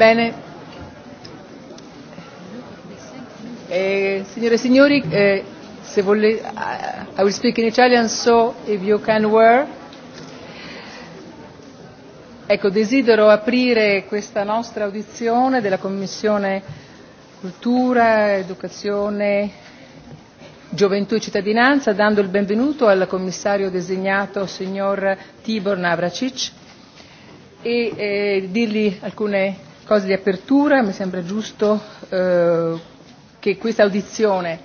Bene. Eh, signore e signori, eh, se uh, I will speak in Italian, so if you can wear. Ecco, desidero aprire questa nostra audizione della Commissione Cultura, Educazione, Gioventù e Cittadinanza, dando il benvenuto al commissario designato, signor Tibor Navracic, e eh, dirgli alcune cose di apertura, mi sembra giusto eh, che questa audizione,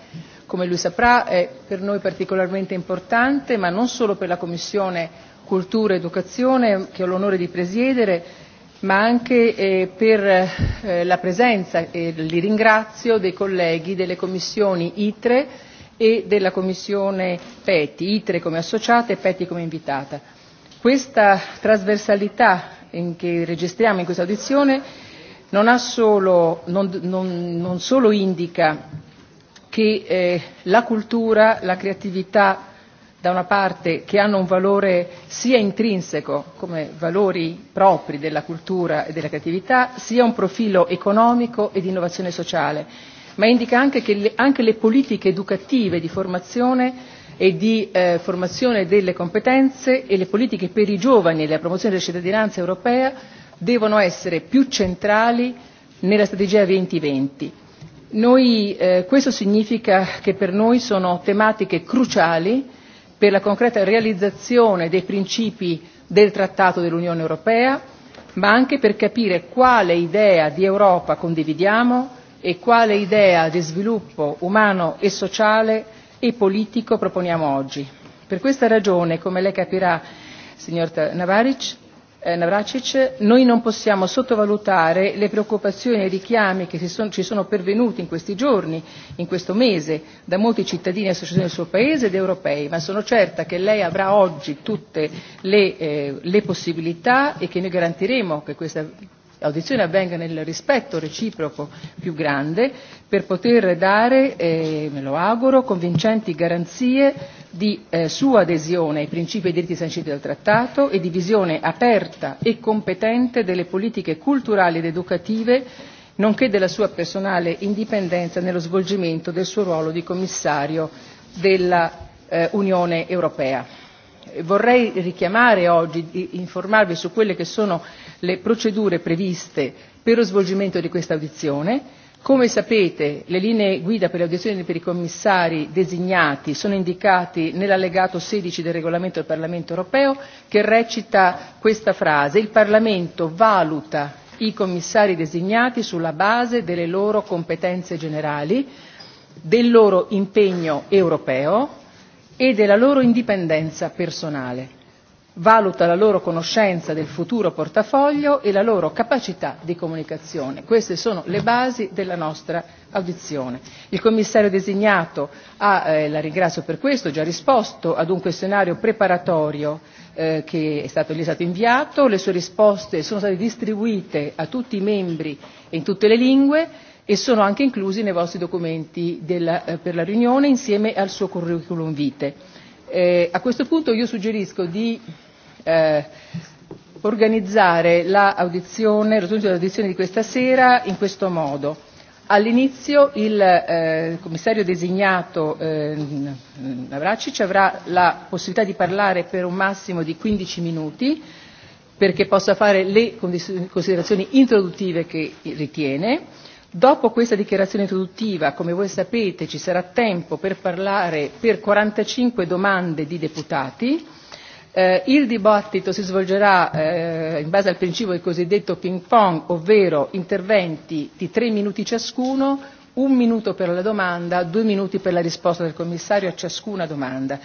come lui saprà, è per noi particolarmente importante, ma non solo per la Commissione Cultura e Educazione, che ho l'onore di presiedere, ma anche eh, per eh, la presenza, e li ringrazio, dei colleghi delle commissioni ITRE e della commissione PETI, ITRE come associata e PETI come invitata. Questa trasversalità in che registriamo in questa audizione non, ha solo, non, non, non solo indica che eh, la cultura, la creatività da una parte che hanno un valore sia intrinseco come valori propri della cultura e della creatività, sia un profilo economico e di innovazione sociale, ma indica anche che le, anche le politiche educative di formazione e di eh, formazione delle competenze e le politiche per i giovani e la promozione della cittadinanza europea devono essere più centrali nella strategia 2020. Noi, eh, questo significa che per noi sono tematiche cruciali per la concreta realizzazione dei principi del Trattato dell'Unione Europea, ma anche per capire quale idea di Europa condividiamo e quale idea di sviluppo umano e sociale e politico proponiamo oggi. Per questa ragione, come lei capirà, signor Navaric, Eh, Navracic, noi non possiamo sottovalutare le preoccupazioni e i richiami che si ci sono pervenuti in questi giorni, in questo mese, da molti cittadini e associazioni del suo Paese ed europei, ma sono certa che lei avrà oggi tutte le, eh, le possibilità e che noi garantiremo che questa audizione avvenga nel rispetto reciproco più grande per poter dare, eh, me lo auguro, convincenti garanzie di eh, sua adesione ai principi e diritti sanciti dal Trattato e di visione aperta e competente delle politiche culturali ed educative, nonché della sua personale indipendenza nello svolgimento del suo ruolo di commissario dell'Unione eh, Europea. Eh, vorrei richiamare oggi, informarvi su quelle che sono le procedure previste per lo svolgimento di questa audizione Come sapete, le linee guida per le audizioni per i commissari designati sono indicate nell'allegato 16 del regolamento del Parlamento europeo che recita questa frase Il Parlamento valuta i commissari designati sulla base delle loro competenze generali, del loro impegno europeo e della loro indipendenza personale valuta la loro conoscenza del futuro portafoglio e la loro capacità di comunicazione. Queste sono le basi della nostra audizione. Il commissario designato ha, ah, eh, la ringrazio per questo, già risposto ad un questionario preparatorio eh, che è stato, gli è stato inviato, le sue risposte sono state distribuite a tutti i membri in tutte le lingue e sono anche inclusi nei vostri documenti della, eh, per la riunione insieme al suo curriculum vitae. Eh, a questo punto io suggerisco di eh, organizzare l'audizione, la dell'audizione di questa sera in questo modo. All'inizio il eh, commissario designato eh, Navracic avrà la possibilità di parlare per un massimo di 15 minuti perché possa fare le considerazioni introduttive che ritiene. Dopo questa dichiarazione introduttiva, come voi sapete, ci sarà tempo per parlare per 45 domande di deputati Eh, il dibattito si svolgerà eh, in base al principio del cosiddetto ping pong, ovvero interventi di tre minuti ciascuno, un minuto per la domanda, due minuti per la risposta del commissario a ciascuna domanda.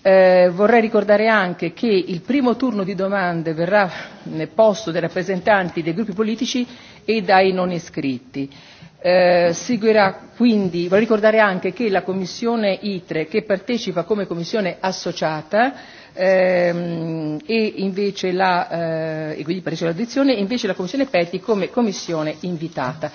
Eh, vorrei ricordare anche che il primo turno di domande verrà posto dai rappresentanti dei gruppi politici e dai non iscritti. Eh, seguirà quindi, vorrei ricordare anche che la Commissione ITRE, che partecipa come Commissione associata, ehm, e invece la, eh, e quindi partecipa all'audizione, e invece la Commissione PETI come Commissione invitata.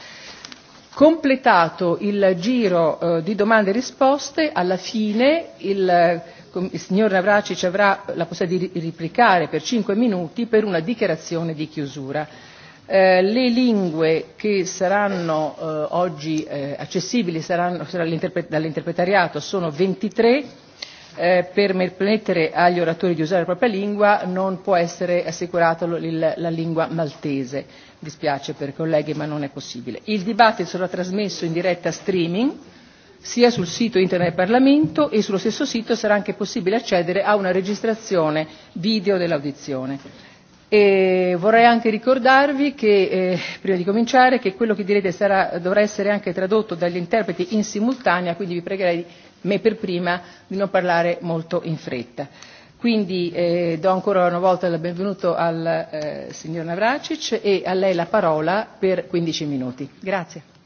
Completato il giro eh, di domande e risposte, alla fine il, il signor Navracic avrà la possibilità di replicare per cinque minuti per una dichiarazione di chiusura. Eh, le lingue che saranno eh, oggi eh, accessibili saranno, dall'interpretariato sono 23, eh, per permettere agli oratori di usare la propria lingua non può essere assicurata la lingua maltese. Dispiace per i colleghi ma non è possibile. Il dibattito sarà trasmesso in diretta streaming sia sul sito internet del Parlamento e sullo stesso sito sarà anche possibile accedere a una registrazione video dell'audizione. E vorrei anche ricordarvi che, eh, prima di cominciare, che quello che direte sarà, dovrà essere anche tradotto dagli interpreti in simultanea, quindi vi pregherei, me per prima, di non parlare molto in fretta. Quindi eh, do ancora una volta il benvenuto al eh, signor Navracic e a lei la parola per 15 minuti. Grazie.